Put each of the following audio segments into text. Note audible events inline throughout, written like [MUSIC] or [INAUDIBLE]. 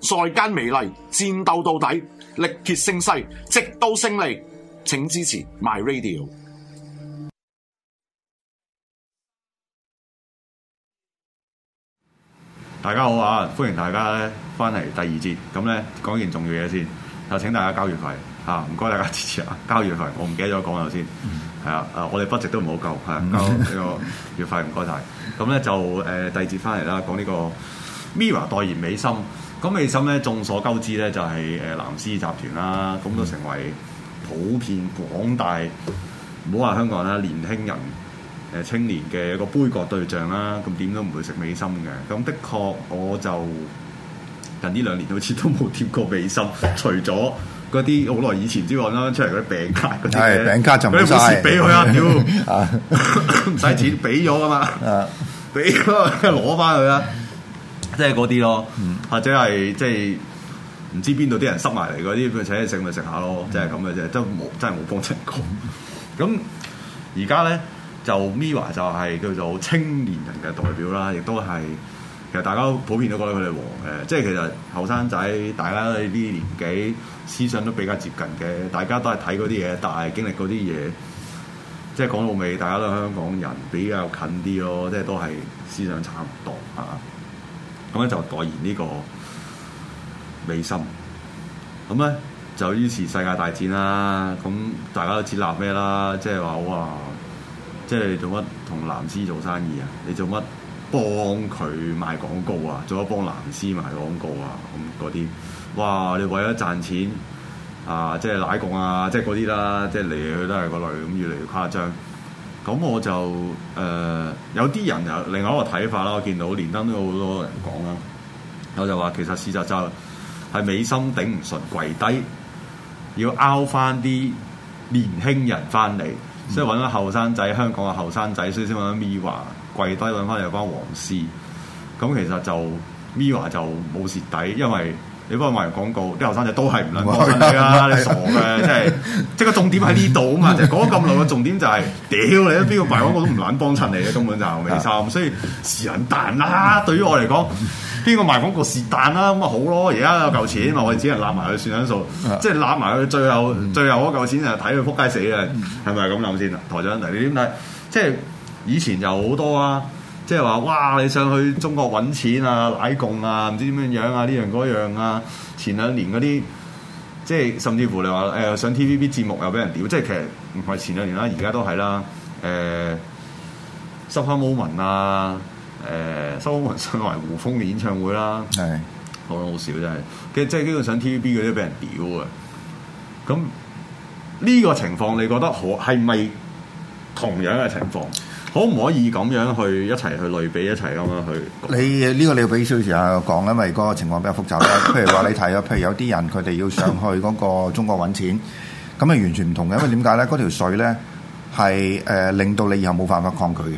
在間美離，戰鬥到底，力竭勝勢，直到勝利。請支持 My Radio。大家好啊，歡迎大家咧翻嚟第二節。咁咧，講件重要嘢先，就請大家交月費嚇，唔該大家支持啊！交月費，我唔記得咗講咗先，係啊、嗯，誒，我哋筆值都唔好夠，係交呢個月費唔該晒。咁咧、嗯、 [LAUGHS] 就誒第二節翻嚟啦，講呢個 Mira 代言美心。咁美心咧，眾所周知咧，就係誒藍絲集團啦，咁都成為普遍廣大，唔好話香港啦，年輕人誒青年嘅一個杯葛對象啦。咁點都唔會食美心嘅。咁的確，我就近呢兩年好似都冇貼過美心，除咗嗰啲好耐以前之外啦，出嚟嗰啲餅卡，嗰啲嘢，餅卡就唔使俾佢啊！唔使錢俾咗噶嘛，俾攞翻佢啊！即係嗰啲咯，嗯、或者係即係唔知邊度啲人塞埋嚟嗰啲，想食咪食下咯，即係咁嘅啫，都冇真係冇幫襯過。咁而家咧就 MIRROR 就係叫做青年人嘅代表啦，亦都係其實大家都普遍都覺得佢哋黃誒，即係其實後生仔，大家呢啲年紀思想都比較接近嘅，大家都係睇嗰啲嘢，但係經歷嗰啲嘢，即係講到尾，大家都係香港人比較近啲咯，即係都係思想差唔多吓。咁咧就代言呢個美心，咁咧就於是世界大戰啦，咁大家都設立咩啦？即係話哇，即係你做乜同藍絲做生意啊？你做乜幫佢賣廣告啊？做乜幫藍絲賣廣告啊？咁嗰啲，哇！你為咗賺錢啊，即係奶共啊，即係嗰啲啦，即係嚟嚟去去都係嗰類，咁越嚟越誇張。咁我就誒、呃、有啲人又另外一個睇法啦，我見到連登都有好多人講啦，嗯、我就話其實事實就係、是、美心頂唔順跪低，要拗翻啲年輕人翻嚟，所以揾咗後生仔，嗯、香港嘅後生仔，所以先揾咗 Miva 跪低揾翻有班黃絲，咁其實就 Miva 就冇蝕底，因為。你幫我賣完廣告，啲後生仔都係唔撚幫襯你啦！哇你傻嘅， [LAUGHS] 真係即係個重點喺呢度啊嘛！講咁耐嘅重點就係、是，屌 [LAUGHS] 你都邊個賣廣告都唔撚幫襯你嘅根本就後尾三。所以是但啦。對於我嚟講，邊個賣廣告是但啦，咁啊好咯。而家有嚿錢嘛，我哋只能攬埋佢算數， [LAUGHS] 即係攬埋佢最後最後嗰嚿錢就睇佢撲街死嘅，係咪咁諗先啊？台長，你點睇？即係以前有好多啊。即係話哇！你上去中國搵錢啊、奶共啊、唔知點樣樣啊、呢樣嗰樣啊？前兩年嗰啲，即係甚至乎你話誒、呃、上 T V B 節目又俾人屌，即係其實唔係前兩年啦，而家都係啦。誒，Supper Moment 啊，誒、呃，Supper Moment 上埋胡楓嘅演唱會啦，係的好好少真係。其即係基本上 T V B 嗰啲都俾人屌啊。咁呢個情況你覺得可係咪同樣嘅情況？可唔可以咁樣去一齊去類比一齊咁樣去？你呢個你要俾少少時間講，因為嗰個情況比較複雜啦。 [LAUGHS] 譬如話你睇啊，譬如有啲人佢哋要上去嗰個中國揾錢，咁啊 [LAUGHS] 完全唔同嘅。因為點解咧？嗰條水咧係誒令到你以後冇辦法抗拒嘅。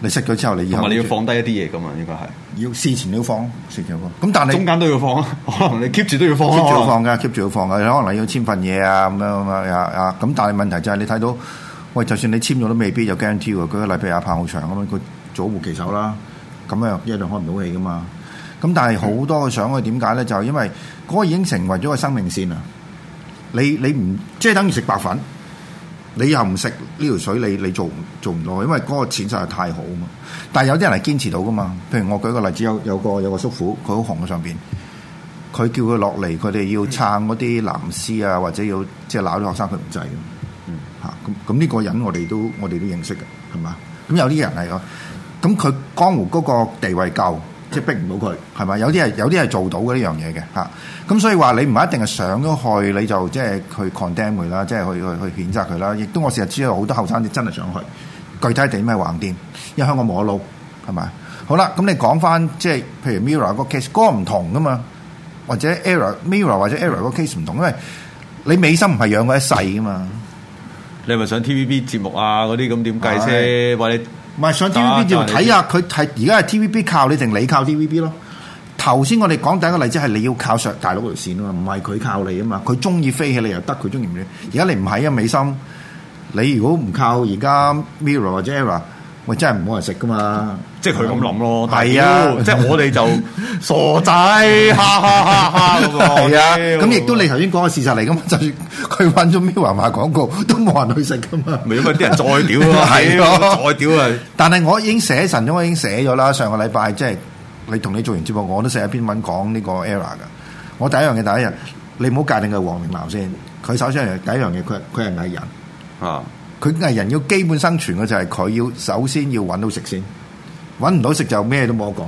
你熄咗之後，你以後你要放低一啲嘢噶嘛？應該係要事前都要放，事前放。咁但係中間都要放，你 keep 住都要放 keep 住放噶，keep 住要放噶。你可能你要簽份嘢啊，咁樣啊啊。咁但係問題就係你睇到，到。就算你簽咗都未必有 guarantee 喎。舉個例，譬如阿彭浩翔咁樣，佢做一護旗手啦，咁啊一樣 [MUSIC] 開唔到氣噶嘛。咁、嗯、但係好多嘅想，佢點解咧？就係、是、因為嗰個已經成為咗個生命線啊！你你唔即係等於食白粉，你又唔食呢條水，你你做做唔到。因為嗰個錢實在太好啊嘛。但係有啲人係堅持到噶嘛。譬如我舉個例子，有有個有個叔父，佢好紅喺上邊，佢叫佢落嚟，佢哋要撐嗰啲藍絲啊，或者要即係鬧啲學生，佢唔制。嗯，咁咁呢個人我哋都我哋都認識嘅，係嘛？咁有啲人係咁佢江湖嗰個地位夠，即係逼唔到佢，係咪？有啲人有啲係做到嘅呢樣嘢嘅嚇。咁所以話你唔係一定係上咗去你就即係去 condemn 佢啦，即係去即去去去譴責佢啦。亦都我成日知道好多後生仔真係想去，具體地點係橫店，因為香港冇得撈，係咪？好啦，咁你講翻即係譬如 Mirror 個 case，嗰個唔同噶嘛，或者 Error Mirror 或者 Error 個 case 唔同，因為你美心唔係養佢一世噶嘛。你係咪上 T V B 節目啊？嗰啲咁點計啫？喂的，你唔係上 T V B 節目睇下佢睇，而家係 T V B 靠你定你靠 T V B 咯？頭先我哋講第一個例子係你要靠上大陸條線啊嘛，唔係佢靠你啊嘛，佢中意飛起你又得，佢中意唔理。而家你唔係啊，美心，你如果唔靠而家 Mirror 或者 Era，我真係冇人食噶嘛。即係佢咁諗咯，係、嗯、是啊！即係我哋就 [LAUGHS] 傻仔，哈哈哈哈、那個！係啊，咁亦都你頭先講嘅事實嚟噶嘛。就算佢搵咗咩 Mirror 嘅廣告，都冇人去食噶嘛？咪咁 [LAUGHS] 啊！啲人再屌係再屌啊！ [LAUGHS] 但係我已經寫神咗，我已經寫咗啦。上個禮拜即係你同你做完節目，我都寫一篇文講呢個 ERROR 嘅。我第一樣嘢，第一樣，你唔好界定佢黃定藍先。佢首先第一樣嘢，佢佢係藝人啊！佢藝 [LAUGHS] 人要基本生存嘅就係佢要首先要搵到食先。揾唔到食就咩都冇得講，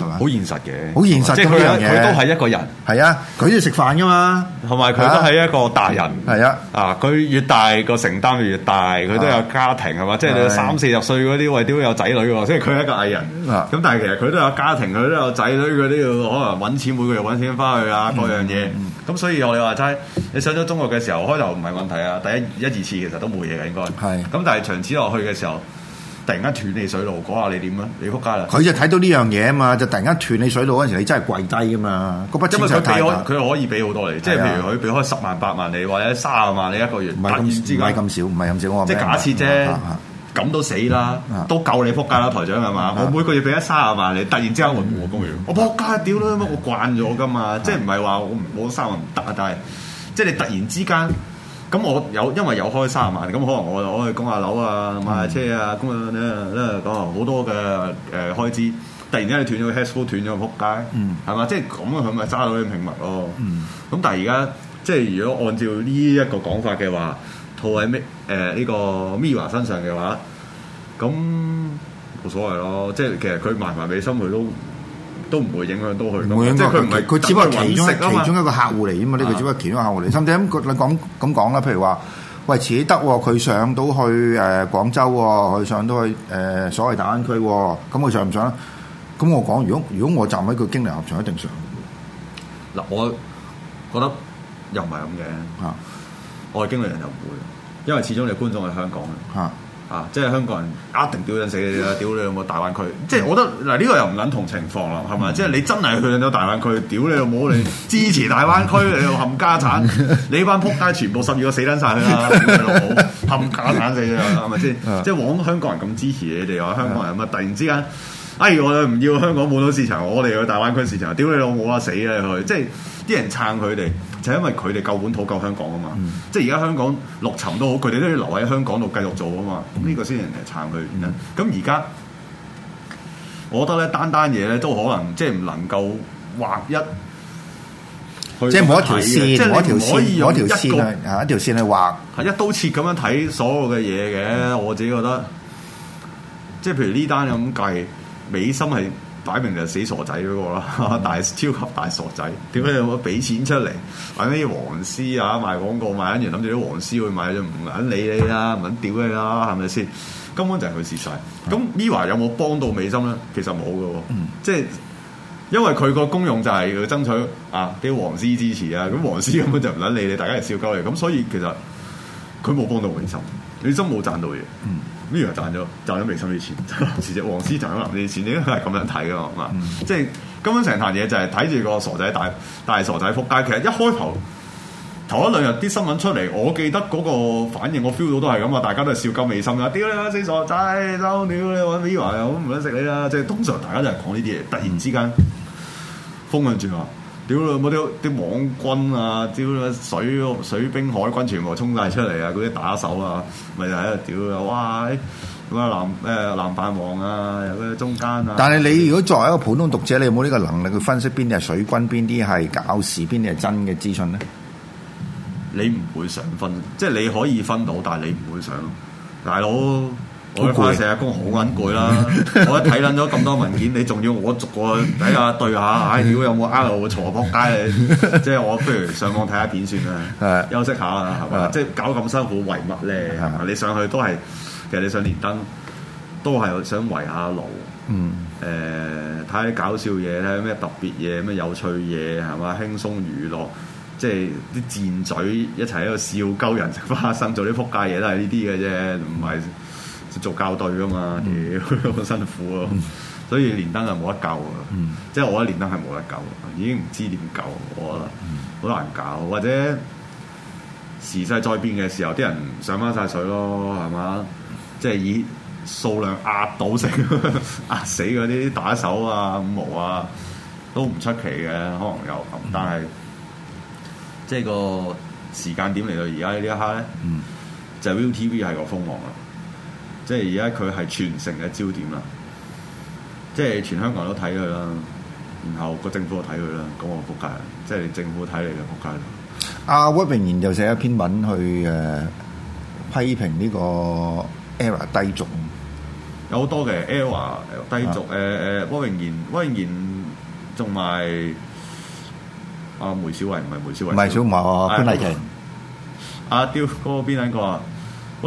係嘛？好現實嘅，好現實。即係佢，佢都係一個人。係啊，佢要食飯㗎嘛，同埋佢都係一個大人。係啊，啊，佢越大個承擔越越大，佢都有家庭係嘛、啊？即係你三四十歲嗰啲，或者都要有仔女喎。即係佢係一個藝人。咁、啊、但係其實佢都有家庭，佢都有仔女，佢都要可能揾錢，每個月揾錢翻去啊，各樣嘢。咁、嗯嗯嗯、所以我哋話齋，你上咗中學嘅時候，開頭唔係問題啊，第一一二次其實都冇嘢嘅應該。係是。咁但係長此落去嘅時候。突然間斷你水路，講下你點啊？你撲街啦！佢就睇到呢樣嘢啊嘛，就突然間斷你水路嗰陣時，你真係跪低啊嘛，個筆錢太大佢可以俾好多你，即係譬如佢俾開十萬、八萬你，或者三十萬你一個月，突然之間唔係咁少，唔係咁少我即係假設啫，咁都死啦，都夠你撲街啦，台長係嘛？我每個月俾一三十萬你，突然之間揾唔工源，我撲街屌啦！我慣咗噶嘛，即係唔係話我我三十萬唔得啊？但係即係你突然之間。咁我有，因為有開三十萬，咁可能我我去供下樓啊，買下車啊，咁啊咧咧講好多嘅誒開支，突然間你斷咗 cash flow 斷咗撲街，嗯，係嘛？即係咁，佢咪揸到啲名物咯。咁但係而家即係如果按照呢一個講法嘅話，套喺誒呢個 Mirror 身上嘅話，咁冇所謂咯。即係其實佢埋埋未心，佢都。都唔會影響到佢，會影到，即係佢唔係，佢只係其中其中一個客戶嚟噶嘛？呢個、啊、只不過係其中一個客戶嚟。啊、甚至解咁講咁講啦，譬如話，喂，似得喎，佢上到去誒、呃、廣州喎，佢上到去誒、呃、所謂大灣區喎，咁佢上唔上咧？咁我講，如果如果我站喺佢經理合場，一定上嗱。啊、我覺得又唔係咁嘅嚇。啊、我係經理人又唔會，因為始終你觀眾係香港嚇。啊啊啊！即係香港人一定屌撚死你啊！屌你有冇大灣區？即係我覺得嗱，呢、這個又唔撚同情況啦，係咪？即係你真係去到大灣區，屌你老母！你支持大灣區，你又冚家產， [LAUGHS] 你班撲街全部十二個死撚曬啦！冚 [LAUGHS] 家產死啊，係咪先？ [LAUGHS] 即係枉香港人咁支持你哋啊！香港人啊，突然之間～哎，我哋唔要香港本土市場，我哋去大灣區市場。屌你老母啊死咧！佢即係啲人撐佢哋，就係、係、因為佢哋夠本土夠香港啊嘛！嗯、即係而家香港陸沉都好，佢哋都要留喺香港度繼續做啊嘛！呢個先人嚟撐佢。咁而家，我覺得咧單單嘢咧都可能即係唔能夠劃一，即係冇一條線，看即係你唔可以用一條線去啊一條線去劃，一刀切咁樣睇所有嘅嘢嘅。我自己覺得，即係譬如呢單咁計。嗯嗯美心係擺明就死傻仔嗰個啦，大超級大傻仔。點解有冇俾錢出嚟？反正啲黃絲啊賣廣告賣緊嘢，諗住啲黃絲去買咗唔撚理你啦，唔撚屌你啦，係咪先？根本就係佢蝕晒。咁、嗯、MIRROR 有冇幫到美心咧？其實冇嘅喎，嗯、即係因為佢個功用就係佢爭取啊啲黃絲支持啊。咁黃絲根本就唔撚理你，大家係笑鳩你。咁所以其實佢冇幫到美心，美心冇賺到嘢。嗯。Mirror 賺咗賺咗美心啲錢，事實黃絲賺咗藍天啲錢，應該係咁樣睇嘅嘛，嗯、即係根本成壇嘢就係睇住個傻仔大大傻仔仆街。其實一開頭頭一兩日啲新聞出嚟，我記得嗰個反應，我 feel 到都係咁啊，大家都係笑鳩美心啦，屌你死傻仔，嬲屌你玩 Viva 又唔想食你啦，即係通常大家都係講呢啲嘢，突然之間風向轉落。屌啦！冇啲啲網軍啊，屌，水水兵、海軍全部衝晒出嚟啊！嗰啲打手啊，咪就喺度屌啦！哇！咁啊藍誒藍飯王啊，又嗰啲中間啊。但係你如果作為一個普通讀者，你有冇呢個能力去分析邊啲係水軍，邊啲係搞事，邊啲係真嘅資訊咧？你唔會想分，即係你可以分到，但係你唔會想，大佬。我嘅化石阿公好撚攰啦，我一睇捻咗咁多文件，你仲要我逐個睇下對下，唉、 [LAUGHS] 哎，如果有冇啱，我坐仆街，你即係我不如上網睇下片算啦， [LAUGHS] 休息下啦，係嘛， [LAUGHS] 即係搞咁辛苦為乜咧？係嘛，你上去都係，其實你上連登都係想圍下爐，嗯、 [LAUGHS] 呃，誒，睇啲搞笑嘢咧，咩特別嘢，咩有趣嘢，係嘛，輕鬆娛樂，即係啲賤嘴一齊喺度笑，鳩人食花生，做啲仆街嘢都係呢啲嘅啫，唔係。 [LAUGHS] [LAUGHS] 做校對噶嘛，好、mm. 辛苦咯，mm. 所以連登就冇得救，mm. 即係我覺得連登係冇得救，已經唔知點救，我覺得好難搞，或者時勢再變嘅時候，啲人上翻晒水咯，係嘛？Mm. 即係以數量壓倒性壓死嗰啲打手啊、五毛啊，都唔出奇嘅，可能有，mm. 但係即係個時間點嚟到而家呢一刻咧，mm. 就 ViuTV 係個風浪啦。即係而家佢係全城嘅焦點啦，即係全香港都睇佢啦，然後個政府又睇佢啦，咁我撲街啦！即係政府睇你嘅撲街啦。阿屈榮賢就寫一篇文去誒、呃、批評呢個 ERROR 低俗，啊啊、有好多嘅 ERROR 低俗。誒、啊、誒，屈榮賢、屈榮賢仲埋阿梅小慧唔係梅小慧，唔係小華潘麗琪。阿刁嗰個邊位哥啊？啊啊哥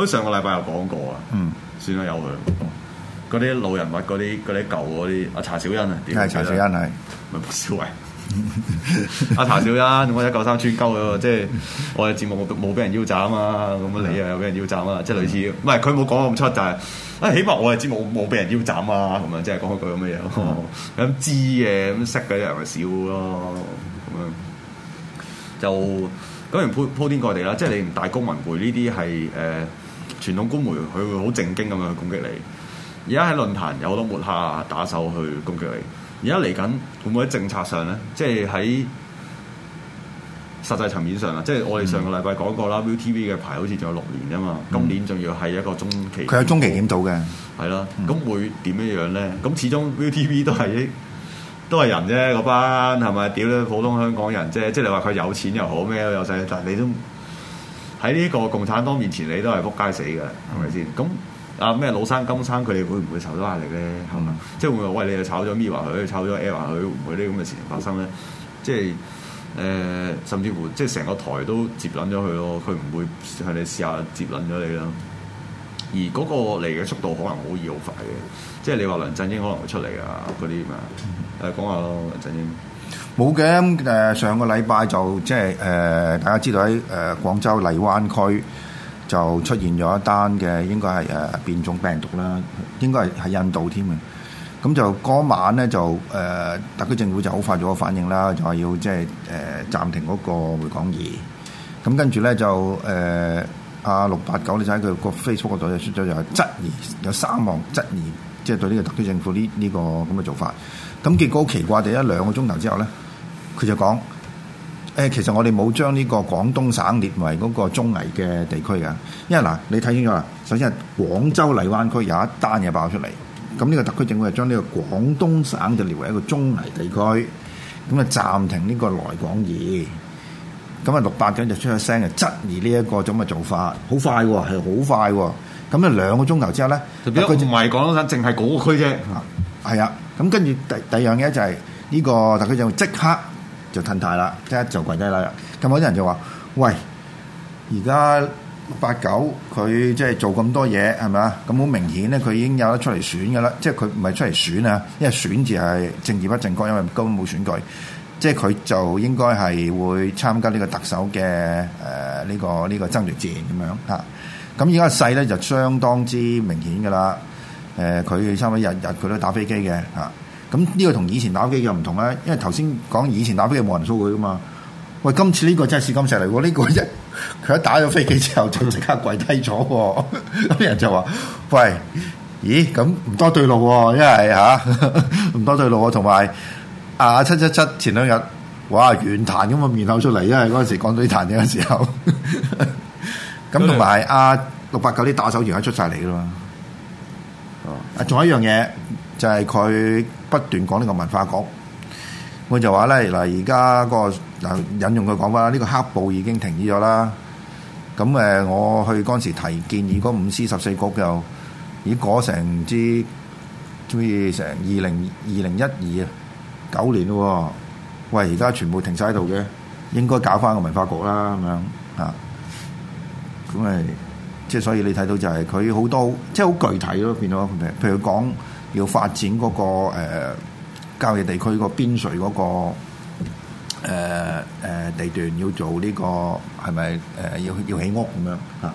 我上個禮拜又講過啊。嗯。算啦，有佢。嗰啲老人物，嗰啲啲舊嗰啲，阿查小欣啊，係查小欣係，咪莫偉？阿查小欣，我一嚿三穿鳩嘅喎，即係我哋節目冇冇俾人腰斬啊？咁你又有俾人腰斬啊？即係類似，唔係佢冇講咁出，但、就、係、是，誒、哎，起碼我哋節目冇俾人腰斬啊？咁啊、嗯，即係講一句咁嘅嘢。咁、哦嗯嗯、知嘅，咁識嘅人咪少咯。咁樣就咁完鋪鋪天蓋地啦。即係你唔大公民會呢啲係誒。傳統官媒佢會好正經咁樣去攻擊你。而家喺論壇有好多抹黑啊、打手去攻擊你。而家嚟緊會唔會喺政策上咧？即係喺實際層面上啊！嗯、即係我哋上個禮拜講過啦，ViuTV 嘅牌好似仲有六年啫嘛。嗯、今年仲要係一個中期，佢有中期檢討嘅？係咯的，咁、嗯、會點樣樣咧？咁始終 ViuTV 都係 [LAUGHS] 都係人啫，嗰班係咪？屌咧，普通香港人啫。即係你話佢有錢又好咩，有勢，但係你都。喺呢個共產黨面前，你都係撲街死嘅，係咪、嗯啊、先？咁啊咩老生金生佢哋會唔會受到壓力咧？係嘛、嗯，即係會唔會喂你又炒咗 M 華佢，炒咗 L 華佢，唔會啲咁嘅事情發生咧？即係誒、呃，甚至乎即係成個台都接撚咗佢咯，佢唔會向你試下接撚咗你啦。而嗰個嚟嘅速度可能好易好快嘅，即係你話梁振英可能會出嚟啊，嗰啲咩誒講下咯，梁振英。冇嘅，咁上個禮拜就即係誒大家知道喺誒廣州荔灣區就出現咗一單嘅，應該係誒變種病毒啦，應該係喺印度添嘅。咁就嗰晚咧就誒、呃、特區政府就好快有反應啦，就話要即係誒暫停嗰個回港易。咁跟住咧就誒啊、呃、六八九你就喺佢個 Facebook 度就出咗就係質疑，有三項質疑。即係對呢個特區政府呢呢個咁嘅做法，咁結果好奇怪地一兩個鐘頭之後咧，佢就講：，誒，其實我哋冇將呢個廣東省列為嗰個中危嘅地區㗎。因為嗱，你睇清楚啦，首先係廣州荔灣區有一單嘢爆出嚟，咁呢個特區政府就將呢個廣東省就列為一個中危地區，咁啊暫停呢個來港易。咁啊六八九就出咗聲就質疑呢一個咁嘅做法，好快喎，係好快喎。咁咧兩個鐘頭之後咧，佢唔係講緊廣東省，淨係嗰個區啫。係啊，咁跟住第第二樣嘢就係、是、呢、這個特區就即刻就褪軚啦，即刻就跪低啦。咁、嗯、有啲人就話：，喂，而家六八九佢即係做咁多嘢，係咪啊？咁好明顯咧，佢已經有得出嚟選㗎啦。即係佢唔係出嚟選啊，因為選字係政治不正確，因為根本冇選舉。即係佢就應該係會參加呢個特首嘅誒呢個呢、這個這個爭奪戰咁樣嚇。咁而家嘅勢咧就相當之明顯噶啦，誒佢差唔多日日佢都打飛機嘅嚇，咁、啊、呢、這個同以前打飛機嘅唔同啦，因為頭先講以前打飛機冇人騷佢噶嘛，喂，今次呢個真係試金石嚟喎，呢、這個一佢一打咗飛機之後就即刻跪低咗，咁、啊、啲人就話：，喂，咦，咁唔多對路喎，因為嚇唔多對路啊，同埋啊七七七前兩日，哇，亂彈咁嘅面口出嚟，因為嗰陣時講啲彈嘢嘅時候。咁同埋阿六八九啲打手全部出曬嚟噶嘛？哦，啊，仲有一樣嘢就係佢不斷講呢個文化局，我就話咧嗱，而家個嗱引用佢講啦，呢個黑暴已經停止咗啦。咁誒，我去嗰陣時提建議，嗰五司十四局就已過成之，中意成二零二零一二九年喎。喂，而家全部停曬喺度嘅，應該搞翻個文化局啦，咁樣嚇。咁咪即係所以你睇到就係佢好多即係好具體咯，變咗譬如講要發展嗰、那個、呃、郊野地區邊、那個邊陲嗰個誒地段要、這個是是呃，要做呢個係咪誒要要起屋咁樣啊？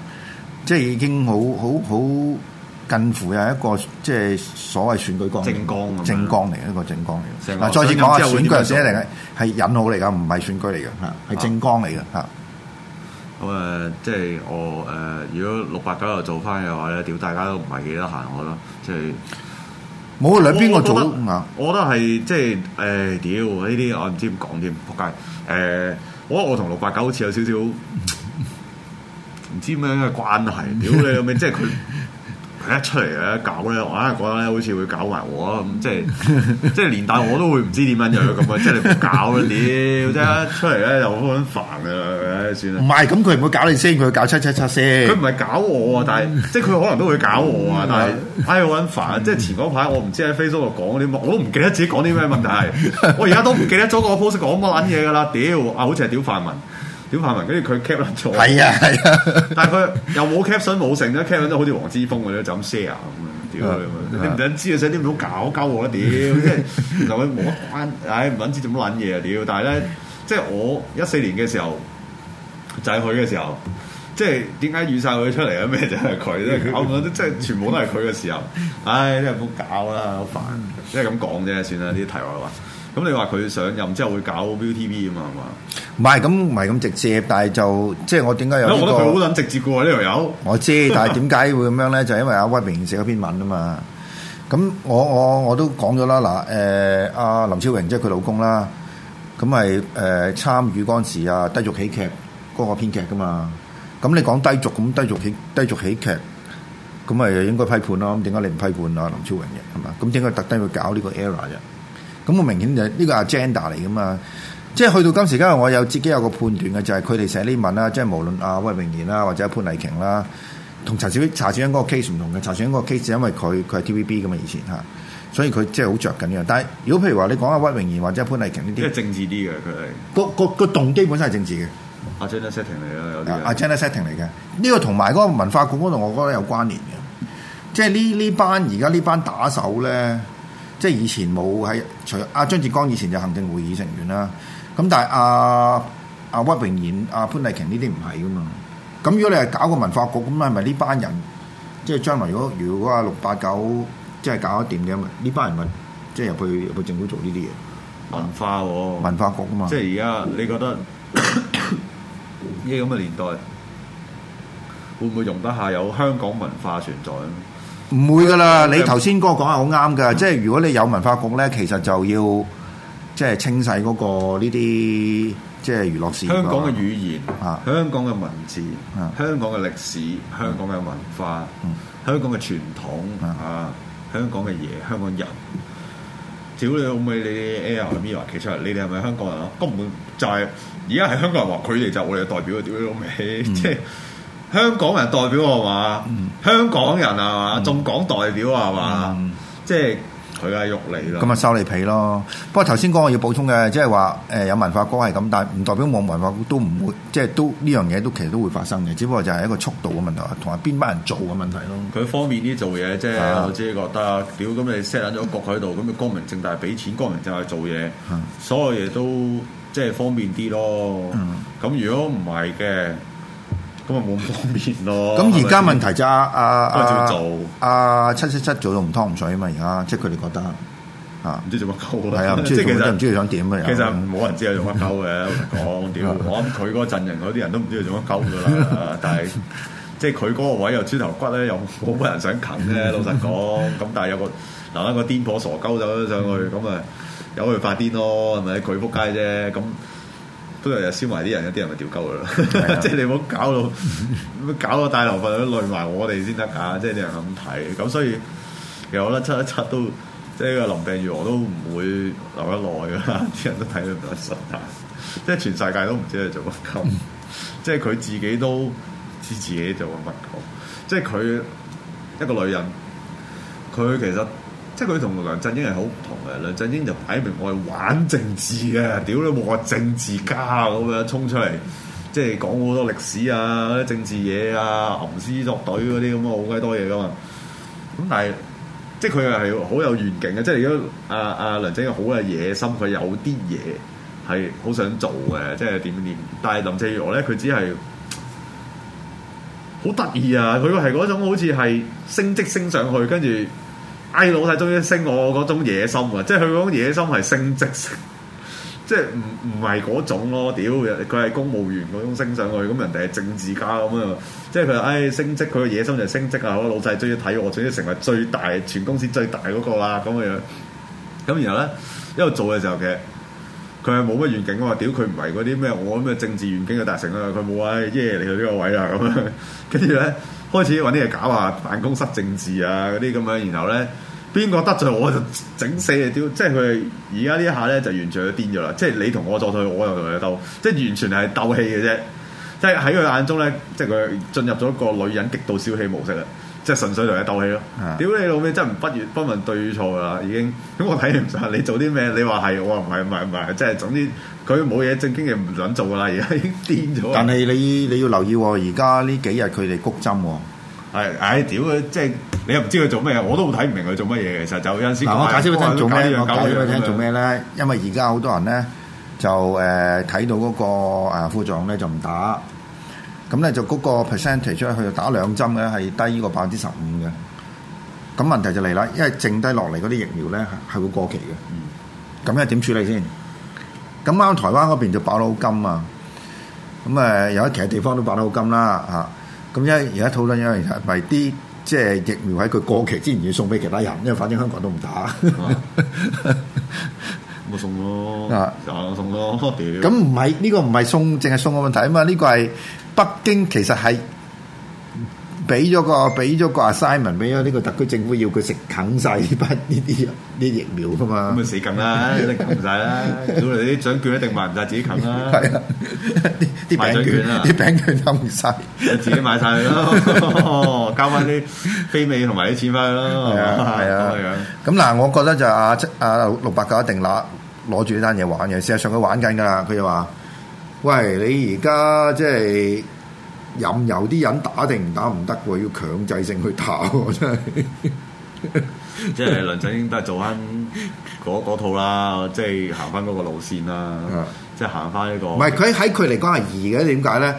即係已經好好好近乎有一個即係所謂選舉光政綱政綱嚟嘅一個政綱嚟。嗱、啊，再次講下選舉先嚟嘅係引號嚟噶，唔係選舉嚟嘅嚇，係政綱嚟嘅嚇。咁啊、嗯，即係我誒、呃，如果六八九又做翻嘅話咧，屌，大家都唔係幾得閒我咯，即係冇喺邊個做啊？我覺得係，了即係誒、呃，屌呢啲我唔知點講添，仆街誒，我覺得我同六八九好似有少少唔知咩嘅關係， [LAUGHS] 屌你有咩？即係佢。 [LAUGHS] 一出嚟咧搞咧，我硬係覺得好似會搞埋我咁，即係即係連帶我都會唔知點樣有咁嘅， [LAUGHS] 即係你唔搞啊。屌！即係一出嚟咧又好撚煩啊，算啦。唔係，咁佢唔會搞你先，佢搞七七七先。佢唔係搞我啊，但係、嗯、即係佢可能都會搞我啊，嗯、但係哎好撚煩啊！嗯、即係前嗰排我唔知喺 Facebook 度講啲乜，我都唔記得自己講啲咩問題係，我而家都唔記得咗個 post 講乜撚嘢噶啦，屌！啊，好似係屌泛民。潘文嗰啲佢 c a p t i o 係啊係啊，但係佢又冇 caption 冇成咧 c a p t i o 都好似黃之鋒嗰啲就咁 share 咁樣！屌佢，你唔想知啊？想啲唔好搞搞我啊！屌、 [LAUGHS] 哎，即係同佢冇乜關，唉，唔捻知做乜撚嘢啊！屌！但係咧，即係我一四年嘅時候就係佢嘅時候，即係點解預晒佢出嚟啊？咩就係佢、就是就是，即係即係全部都係佢嘅時候，唉、 [LAUGHS] 哎，真係唔好搞啦，好煩！即係咁講啫，算啦，呢啲題外話。咁你話佢上任之後會搞 ViuTV 啊嘛，係嘛？唔係咁唔係咁直接，但係就即係我點解有呢、這個？我覺好捻直接嘅喎呢條友。這個， [LAUGHS] 我知，但係點解會咁樣咧？就因為阿屈明寫咗篇文啊嘛。咁我我我都講咗啦，嗱，誒、呃、阿林超榮即係佢老公啦。咁係誒參與嗰陣時啊低俗喜劇嗰個編劇噶嘛。咁你講低俗咁低俗喜低俗喜劇，咁咪應該批判咯？咁點解你唔批判阿，啊、林超榮嘅？係，er 就是，嘛？咁點解特登去搞呢個 error 啫？咁我明顯就呢個 agenda 嚟噶嘛。即係去到今時今日，我有自己有個判斷嘅，就係佢哋寫呢文啦，即係無論阿屈明賢啦，或者潘麗瓊啦，同陳小、查小欣嗰個 case 唔同嘅。查小欣嗰個 case 因為佢佢係 TVB 㗎嘛，以前吓，所以佢即係好着緊嘅。但係如果譬如話你講阿屈明賢或者潘麗瓊呢啲，即係政治啲嘅，佢係個個個動機本身係政治嘅。阿 agenda setting 嚟啦，有啲阿 agenda setting 嚟嘅。呢、呢個同埋嗰個文化館嗰度，我覺得有關聯嘅。即係呢呢班而家呢班打手咧，即係以前冇喺除阿張志剛以前就行政會議成員啦。咁但係阿阿屈榮賢、阿、啊、潘麗瓊呢啲唔係噶嘛？咁如果你係搞個文化局，咁係咪呢班人即係將來如果如果阿六八九即係搞得掂嘅，呢班人咪，即係入去入去政府做呢啲嘢文化、啊啊、文化局啊嘛？即係而家你覺得呢咁嘅年代會唔會容得下有香港文化存在？唔會噶啦！你頭先嗰個講係好啱噶，嗯、即係如果你有文化局咧，其實就要。即係清洗嗰個呢啲即係娛樂事，香港嘅語言啊，香港嘅文字、啊、香港嘅歷史，香港嘅文化，嗯、香港嘅傳統啊，啊，香港嘅嘢，香港人。屌你老味！你啲 Error、Mirror，其實你哋係咪香港人啊？根本就係而家係香港人話佢哋就我哋嘅代表！屌你老味！即係 [LAUGHS] 說、嗯、香港人代表我嘛？嗯、香港人啊嘛？仲講代表係嘛？即係。嗯嗯嗯嗯就係佢係喐你，咯，咁咪收你皮咯。不過頭先講我要補充嘅，即係話誒有文化館係咁，但係唔代表冇文化館都唔會，即、就、係、是、都呢樣嘢都其實都會發生嘅。只不過就係一個速度嘅問題，同埋邊班人做嘅問題咯。佢方便啲做嘢，即係、啊、我只係覺得，屌咁你 set 咗個局喺度，咁就光明正大俾錢，光明正大做嘢，啊、所有嘢都即係方便啲咯。咁、嗯、如果唔係嘅？咁咪冇咁方便咯。咁而家問題就阿阿阿七七七做到唔湯唔水啊嘛！而家即係佢哋覺得啊，唔知做乜鳩。係啊，啊即係其實唔知佢想點啊。其實冇人知係做乜鳩嘅。講屌，我諗佢嗰陣營嗰啲人都唔知佢做乜鳩噶啦。 [LAUGHS] 但係即係佢嗰個位又豬頭骨咧，又冇乜人想啃咧。老實講，咁但係有個嗱嗱、嗰個癲婆傻鳩走上去，咁啊由佢發癲咯，係咪？佢撲街啫咁。都日日燒埋啲人，一啲人咪掉鳩啦。 [LAUGHS] [LAUGHS] 即係你唔好搞到， [LAUGHS] 搞到大流發都累埋我哋先得啊！即係啲人咁睇，咁所以其實我覺得七一七都即係林病如我都唔會留得耐噶啦，啲人都睇得唔得順啊！即係全世界都唔知佢做乜，即係佢自己都知自己做乜，即係佢一個女人，佢其實。即係佢同梁振英係好唔同嘅，梁振英就擺明我係玩政治嘅，屌你，我係政治家咁樣衝出嚟，即係講好多歷史啊、政治嘢啊、吟詩作對嗰啲咁啊，好鬼多嘢噶嘛。咁但係，即係佢係係好有遠景嘅，即係而家阿阿梁振英好有野心，佢有啲嘢係好想做嘅，即係點點。但係林鄭月娥咧，佢只係好得意啊，佢係嗰種好似係升職升上去，跟住。啲、哎、老細終於升我嗰種野心啊！即係佢嗰種野心係升職，即係唔唔係嗰種咯、啊。屌，佢係公務員嗰種升上去，咁人哋係政治家咁樣啊！即係佢，唉，升職佢嘅野心就升職啊！好，老細終於睇我，終於成為最大全公司最大嗰個啦！咁嘅、哎 yeah, 啊、樣，咁然後咧，一路做嘅時候嘅，佢係冇乜願景啊！屌，佢唔係嗰啲咩我咩政治願景嘅達成啊！佢冇啊，一夜嚟到呢個位啊！咁樣，跟住咧開始揾啲嘢搞啊，辦公室政治啊嗰啲咁樣，然後咧。邊個得罪我就整死你。屌！即係佢而家呢一下咧就完全佢癲咗啦！即係你同我作對，我又同你鬥，即係完全係鬥氣嘅啫。即係喺佢眼中咧，即係佢進入咗一個女人極度消氣模式啦。即係純粹同你鬥氣咯。嗯、屌你老味，真係唔不願不問對錯噶啦，已經。咁我睇唔曬你做啲咩？你話係我話唔係唔係唔係，即係總之佢冇嘢正經嘅唔想做噶啦，而家已經癲咗。但係你你要留意喎、哦，而家呢幾日佢哋谷針喎、哦。係，唉、哎，屌佢！即係你又唔知佢做咩嘢，我都睇唔明佢做乜嘢。其實就有陣時。嗱，我解釋俾你聽做咩？做做我解釋俾佢聽做咩咧？因為而家好多人咧就誒睇、呃、到嗰、那個誒副作用咧就唔打，咁咧就嗰個 percentage 出去就打兩針咧係低於個百分之十五嘅，咁問題就嚟啦，因為剩低落嚟嗰啲疫苗咧係會過期嘅。咁咧點處理先？咁啱台灣嗰邊就保老金啊，咁誒、呃、有啲其他地方都保老金啦，吓、啊。啊咁而家討論一樣嘢，咪啲即係疫苗喺佢過期之前要送俾其他人，因為反正香港都唔打，冇、啊、 [LAUGHS] 送咯，啊、就係冇送咯，屌！咁唔係呢個唔係送，淨係送嘅問題啊嘛，呢個係北京其實係。俾咗個俾咗個阿 Simon 俾咗呢個特區政府，要佢食，啃晒呢班呢啲啲疫苗噶嘛，咁咪死梗啦，啃唔曬啦！咁你啲獎券一定賣唔晒，自己啃啦！係啦，啲啲獎券啊，啲獎券唔晒，自己買曬咯，交翻啲飛美同埋啲錢翻咯，係啊！啊！咁嗱，我覺得就阿阿六八九一定攞攞住呢單嘢玩嘅，事實上佢玩緊噶，佢就話：，喂，你而家即係。任由啲人打定唔打唔得喎，要強制性去打，真係。 [LAUGHS] 即係梁振英都係做翻嗰套啦，即係行翻嗰個路線啦，是的 即係行翻一個。唔係佢喺佢嚟講係易嘅，點解咧？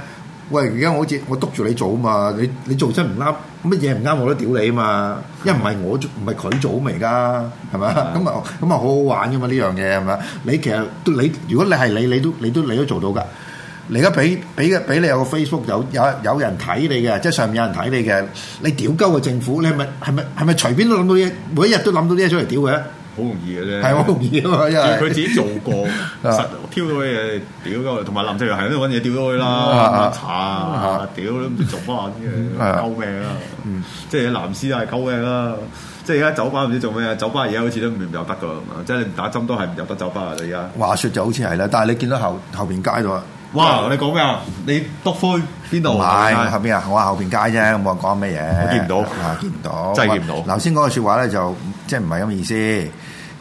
喂，而家我好似我督住你做啊嘛，你你做真唔啱，乜嘢唔啱我都屌你啊嘛。因為唔係我做唔係佢做咪而家，係咪咁啊咁啊，好是的 [LAUGHS] 好玩噶嘛呢樣嘢係咪你其實都你如果你係你，你都你都你都做到㗎。你而家俾俾俾你有個 Facebook 有有有人睇你嘅，即係上面有人睇你嘅。你屌鳩個政府，你係咪係咪係咪隨便都諗到嘢？每一日都諗到啲嘢出嚟屌嘅，好容易嘅啫。係好是容易啊嘛，佢自己做過，實 [LAUGHS] 的挑到嘢屌鳩，同埋林鄭又係都揾嘢屌咗佢啦，查屌都唔知做乜嘅，救命啊！即係藍絲啊，救命啦。即係而家酒吧唔知做咩啊？酒吧嘢好似都唔有得㗎，即係你唔打針都係唔入得酒吧啊！而家話説就好似係啦，但係你見到後後邊街度。啊～哇！你講咩啊？你篤灰邊度？唔係後邊啊！我話後邊街啫，咁我講乜嘢。見唔到啊？見唔到，真係見唔到。頭先講嘅說話咧，就即係唔係咁意思。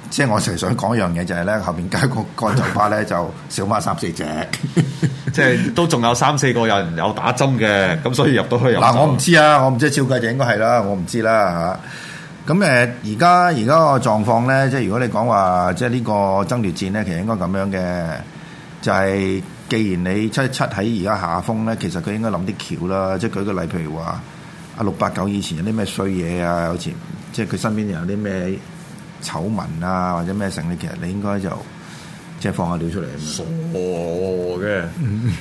即係我成日想講一樣嘢，就係咧後邊街個酒吧咧就少媽三四隻，即係都仲有三四個人有打針嘅，咁所以入到去。嗱，我唔知啊，我唔知，照計就應該係啦，我唔知啦吓。咁誒，而家而家個狀況咧，即係如果你講話，即係呢個爭奪戰咧，其實應該咁樣嘅，就係。既然你七七喺而家下風咧，其實佢應該諗啲橋啦。即係舉個例，譬如話阿六八九以前有啲咩衰嘢啊，好似即係佢身邊有啲咩醜聞啊，或者咩成你其實你應該就即係放下料出嚟啊嘛。傻嘅，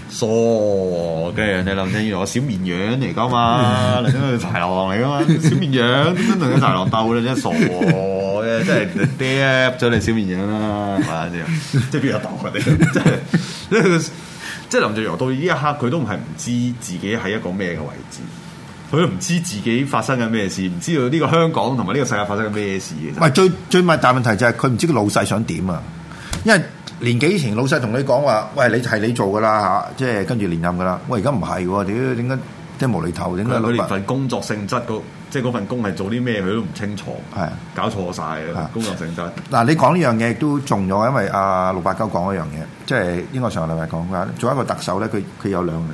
傻嘅，你諗住我小綿羊嚟噶嘛？ [LAUGHS] 你諗住豺狼嚟噶嘛？小綿羊點樣同啲豺狼鬥咧？真係傻。即係 delete 咗你小面影啦，係即係邊有檔嘅？即係即係林鄭月娥到呢一刻，佢都唔係唔知自己喺一個咩嘅位置，佢都唔知自己發生緊咩事，唔知道呢個香港同埋呢個世界發生緊咩事嘅。係最最大問題就係佢唔知個老細想點啊！因為年紀以前老細同你講話，喂，你係你做噶啦吓，即係跟住連任噶啦。喂，而家唔係，屌點解即係無厘頭？點解佢份工作性質個？即係嗰份工係做啲咩，佢都唔清楚，係是的 搞錯晒工作性質。嗱，你講呢樣嘢亦都重咗，因為阿、啊、六八九講一樣嘢，即係應該上個禮拜講嘅話，做一個特首咧，佢佢有兩樣嘢。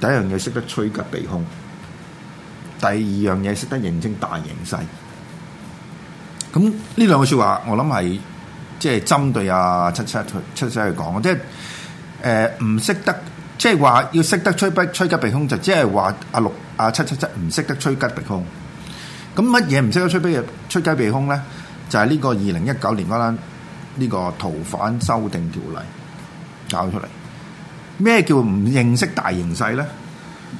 第一樣嘢，識得趨吉避凶，第二樣嘢，識得認清大形勢。咁呢兩個説話我，我諗係即係針對阿、啊、七七去七七去講，即係誒唔識得，即係話要識得趨吉趨吉避凶，就即係話阿六。阿七七七唔識得趨吉避凶，咁乜嘢唔識得吹逼嘅趨吉避凶咧？就係呢個二零一九年嗰單呢個逃犯修訂條例搞出嚟。咩叫唔認識大形勢咧？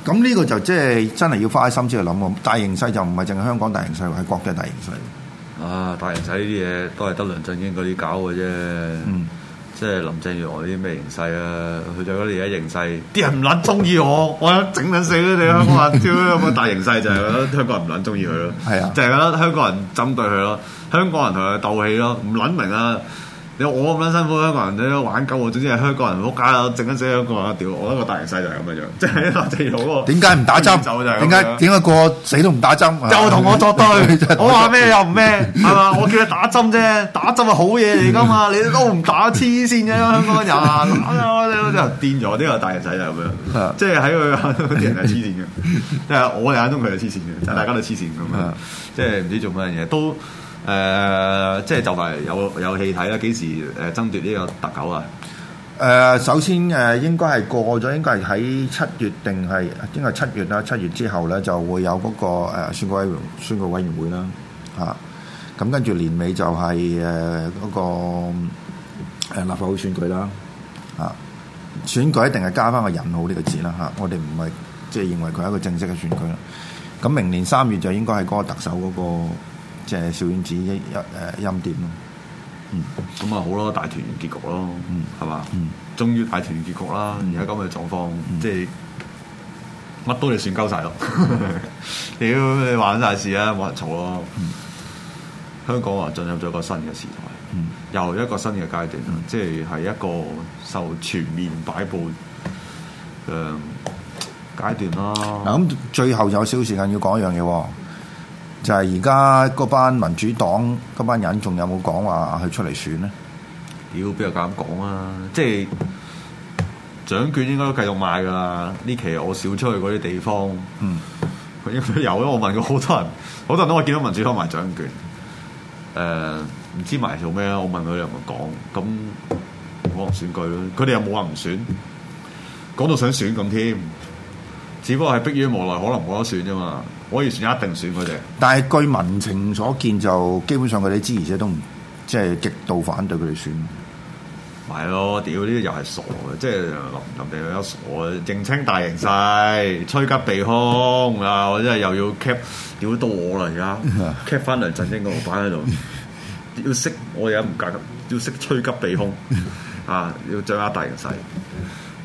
咁呢個就即係真係要花啲心思去諗。大形勢就唔係淨係香港大形勢，係國際大形勢。啊，大形勢呢啲嘢都係得梁振英嗰啲搞嘅啫。嗯即係林鄭月娥啲咩形勢啊？佢就覺得而家形勢，啲人唔撚中意我，我一整緊死你啊！我話，主要個大形勢就係覺得香港人唔撚中意佢咯， [LAUGHS] 就係覺得香港人針對佢咯，香港人同佢鬥氣咯，唔撚明啊！你我咁撚辛苦，香港人咧玩鳩喎。總之係香港人屋企啊，整緊死香港人啊！屌，我一個大人仔就係咁嘅樣，即係一度地佬喎。點解唔打針就係點解？點解個死都唔打針？就同我作對。我話咩又唔咩，係嘛？我叫你打針啫，打針係好嘢嚟噶嘛？你都唔打，黐線嘅香港人。我我真係癲咗，呢個大人仔就咁樣，即係喺佢眼中，人係黐線嘅。即係我嘅眼中佢係黐線嘅，就係大家都黐線咁樣，即係唔知做乜嘢都。誒，即係就係有有戲睇啦，幾時誒爭奪呢個特首啊？誒，首先誒應該係過咗，應該係喺七月定係應該係七月啦。七月之後咧就會有嗰個誒選舉委選舉委員會啦，嚇、啊。咁跟住年尾就係誒嗰個立法會選舉啦，嚇、啊。選舉一定係加翻個引號呢個字啦，嚇、啊。我哋唔係即係認為佢係一個正式嘅選舉啦。咁、啊、明年三月就應該係嗰個特首嗰、那個。誒，小丸子一一誒，欽點咯，嗯，咁啊、 [NOISE] 嗯、好咯，大團圓結局咯，嗯、응，係嘛？嗯，終於大團圓結局啦，而家咁嘅狀況，即係乜都算 笑 identified 你算鳩晒咯，屌你玩晒事啦，冇人嘈咯，香港啊進入咗個新嘅時代，又、mm. 一個新嘅階段即係係一個受全面擺布誒階段咯，嗱咁、嗯、最後有少少時間要講一樣嘢。就係而家嗰班民主黨嗰班人仲有冇講話去出嚟選咧？屌，邊有咁講啊？即係獎券應該都繼續賣㗎啦。呢期我少出去嗰啲地方，佢應該有咯、啊。我問過好多人，好多人都話見到民主黨賣獎券。誒、呃，唔知賣做咩啊？我問佢有又唔講。咁可能選舉咯。佢哋又冇話唔選，講到想選咁添。只不過係迫於無奈，可能冇得選啫嘛。可以選，一定選佢哋。但係據民情所見，就基本上佢哋支持者都唔即係極度反對佢哋選。係咯，屌呢啲又係傻嘅，即係林林哋有傻嘅，認清大形勢，趨吉避凶啊！我真係又要 cap，屌到我啦而家，cap 翻梁振英個 [LAUGHS] 老闆喺度，要識我而家唔緊，要識趨吉避凶啊！要掌握大形勢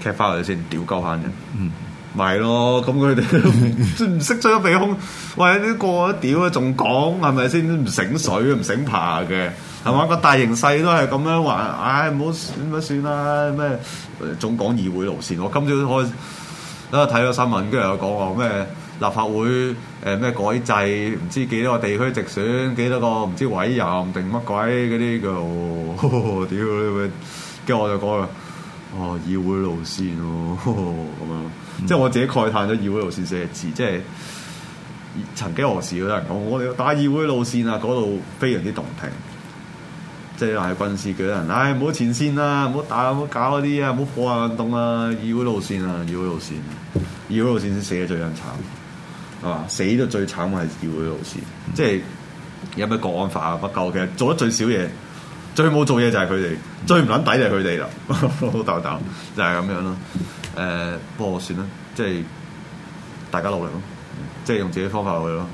，cap 翻佢先，屌鳩翻佢。 [LAUGHS] 咪咯，咁佢哋唔識追個鼻孔，喂啲過得屌啊，仲講係咪先唔醒水唔醒爬嘅，係嘛？個大形勢都係咁樣話，唉，唔好點乜算啦？咩總講議會路線，我今朝開啊睇咗新聞，跟住又講話咩立法會誒咩改制，唔知幾多個地區直選，幾多個唔知委任定乜鬼嗰啲，就屌你咪，跟住我就講啦，哦，議會路線咯咁樣。即係我自己慨嘆咗議會路線寫嘅字，即係曾幾何時都有人講，我哋打議會路線啊，嗰度非常之動聽。即係又係軍事嘅人，唉，唔好前線啦、啊，唔好打，唔好搞嗰啲啊，唔好破壞運動啊，議會路線啊，議會路線，議會路線先死得最慘，係嘛？死得最慘係議會路線，嗯、即係有咩國安法不夠嘅，做得最少嘢。最冇做嘢就係佢哋，最唔撚抵就係佢哋啦，好斗斗，就係、是、咁樣咯。誒、呃，不過算啦，即係大家努力咯，即係用自己方法去咯。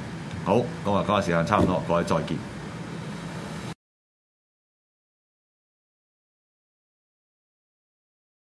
好，咁啊，今日時間差唔多，各位再見。